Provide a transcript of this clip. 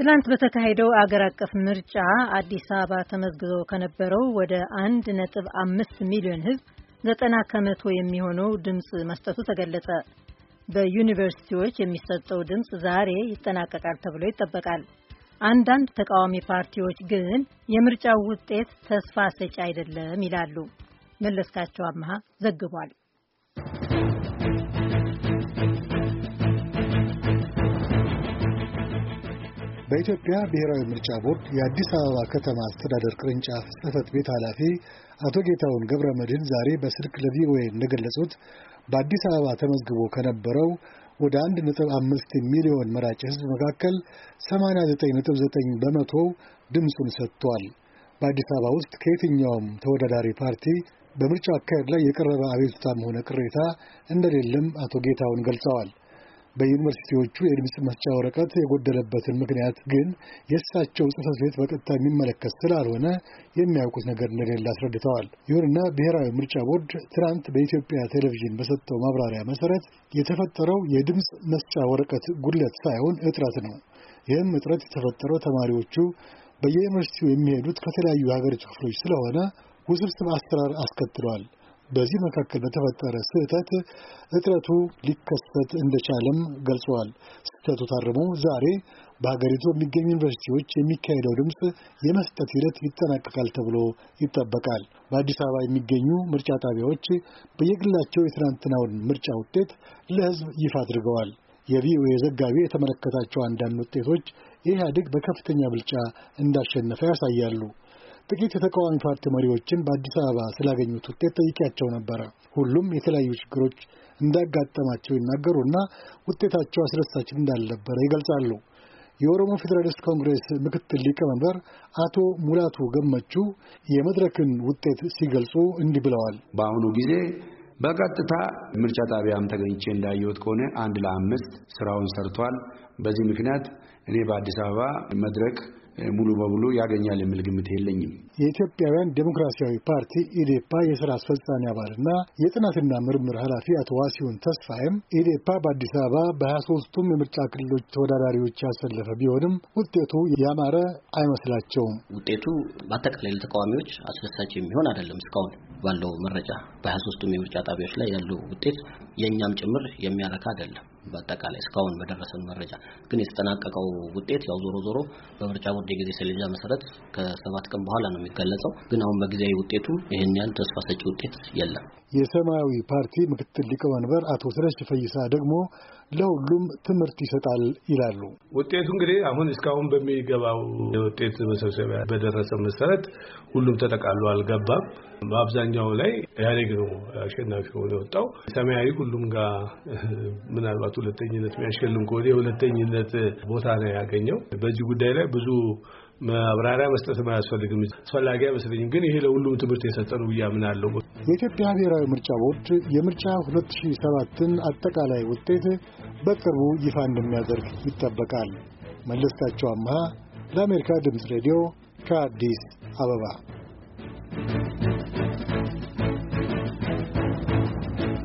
ትላንት በተካሄደው አገር አቀፍ ምርጫ አዲስ አበባ ተመዝግዞ ከነበረው ወደ አንድ ነጥብ አምስት ሚሊዮን ህዝብ ዘጠና ከመቶ የሚሆነው ድምፅ መስጠቱ ተገለጸ። በዩኒቨርሲቲዎች የሚሰጠው ድምፅ ዛሬ ይጠናቀቃል ተብሎ ይጠበቃል። አንዳንድ ተቃዋሚ ፓርቲዎች ግን የምርጫው ውጤት ተስፋ ሰጪ አይደለም ይላሉ። መለስካቸው አመሃ ዘግቧል። በኢትዮጵያ ብሔራዊ ምርጫ ቦርድ የአዲስ አበባ ከተማ አስተዳደር ቅርንጫፍ ጽህፈት ቤት ኃላፊ አቶ ጌታውን ገብረ መድህን ዛሬ በስልክ ለቪኦኤ እንደገለጹት በአዲስ አበባ ተመዝግቦ ከነበረው ወደ 1.5 ሚሊዮን መራጭ ህዝብ መካከል 89.9 በመቶ ድምፁን ሰጥቷል። በአዲስ አበባ ውስጥ ከየትኛውም ተወዳዳሪ ፓርቲ በምርጫው አካሄድ ላይ የቀረበ አቤቱታም ሆነ ቅሬታ እንደሌለም አቶ ጌታውን ገልጸዋል። በዩኒቨርሲቲዎቹ የድምፅ መስጫ ወረቀት የጎደለበትን ምክንያት ግን የእሳቸው ጽሕፈት ቤት በቀጥታ የሚመለከት ስላልሆነ የሚያውቁት ነገር እንደሌለ አስረድተዋል። ይሁንና ብሔራዊ ምርጫ ቦርድ ትናንት በኢትዮጵያ ቴሌቪዥን በሰጠው ማብራሪያ መሰረት የተፈጠረው የድምፅ መስጫ ወረቀት ጉድለት ሳይሆን እጥረት ነው። ይህም እጥረት የተፈጠረው ተማሪዎቹ በየዩኒቨርሲቲው የሚሄዱት ከተለያዩ የሀገሪቱ ክፍሎች ስለሆነ ውስብስብ አሰራር አስከትሏል። በዚህ መካከል በተፈጠረ ስህተት እጥረቱ ሊከሰት እንደቻለም ገልጸዋል። ስህተቱ ታርሞ ዛሬ በሀገሪቱ በሚገኙ ዩኒቨርሲቲዎች የሚካሄደው ድምፅ የመስጠት ሂደት ይጠናቀቃል ተብሎ ይጠበቃል። በአዲስ አበባ የሚገኙ ምርጫ ጣቢያዎች በየግላቸው የትናንትናውን ምርጫ ውጤት ለሕዝብ ይፋ አድርገዋል። የቪኦኤ ዘጋቢ የተመለከታቸው አንዳንድ ውጤቶች የኢህአዴግ በከፍተኛ ብልጫ እንዳሸነፈ ያሳያሉ። ጥቂት የተቃዋሚ ፓርቲ መሪዎችን በአዲስ አበባ ስላገኙት ውጤት ጠይቄያቸው ነበረ። ሁሉም የተለያዩ ችግሮች እንዳጋጠማቸው ይናገሩና ውጤታቸው አስደሳች እንዳልነበረ ይገልጻሉ። የኦሮሞ ፌዴራሊስት ኮንግሬስ ምክትል ሊቀመንበር አቶ ሙላቱ ገመቹ የመድረክን ውጤት ሲገልጹ እንዲህ ብለዋል። በአሁኑ ጊዜ በቀጥታ ምርጫ ጣቢያም ተገኝቼ እንዳየሁት ከሆነ አንድ ለአምስት ስራውን ሰርቷል። በዚህ ምክንያት እኔ በአዲስ አበባ መድረክ ሙሉ በሙሉ ያገኛል የሚል ግምት የለኝም። የኢትዮጵያውያን ዴሞክራሲያዊ ፓርቲ ኢዴፓ የስራ አስፈጻሚ አባልና የጥናትና ምርምር ኃላፊ አቶ ዋሲሁን ተስፋዬም ኢዴፓ በአዲስ አበባ በሀያ ሶስቱም የምርጫ ክልሎች ተወዳዳሪዎች ያሰለፈ ቢሆንም ውጤቱ ያማረ አይመስላቸውም። ውጤቱ በአጠቃላይ ለተቃዋሚዎች አስደሳች የሚሆን አይደለም። እስካሁን ባለው መረጃ በሀያ ሶስቱም የምርጫ ጣቢያዎች ላይ ያለው ውጤት የእኛም ጭምር የሚያረካ አይደለም። በአጠቃላይ እስካሁን በደረሰን መረጃ ግን የተጠናቀቀው ውጤት ያው ዞሮ ዞሮ በምርጫ ቦርድ የጊዜ ሰሌዳ መሰረት ከሰባት ቀን በኋላ ነው የሚገለጸው። ግን አሁን በጊዜያዊ ውጤቱ ይህን ያህል ተስፋ ሰጪ ውጤት የለም። የሰማያዊ ፓርቲ ምክትል ሊቀመንበር አቶ ስለሽ ፈይሳ ደግሞ ለሁሉም ትምህርት ይሰጣል ይላሉ። ውጤቱ እንግዲህ አሁን እስካሁን በሚገባው የውጤት መሰብሰቢያ በደረሰ መሰረት ሁሉም ተጠቃሎ አልገባም። በአብዛኛው ላይ ኢህአዴግ ነው አሸናፊ ሆኖ የወጣው። ሰማያዊ ሁሉም ጋር ምናልባት በሰዓቱ ሁለተኝነት የሚያሸልም ከሆነ የሁለተኝነት ቦታ ነው ያገኘው። በዚህ ጉዳይ ላይ ብዙ ማብራሪያ መስጠት አያስፈልግም፣ አስፈላጊ አይመስለኝም። ግን ይሄ ለሁሉም ትምህርት የሰጠ ነው ብዬ አምናለሁ። የኢትዮጵያ ብሔራዊ ምርጫ ቦርድ የምርጫ 2007ን አጠቃላይ ውጤት በቅርቡ ይፋ እንደሚያደርግ ይጠበቃል። መለስካቸው አምሃ ለአሜሪካ ድምፅ ሬዲዮ ከአዲስ አበባ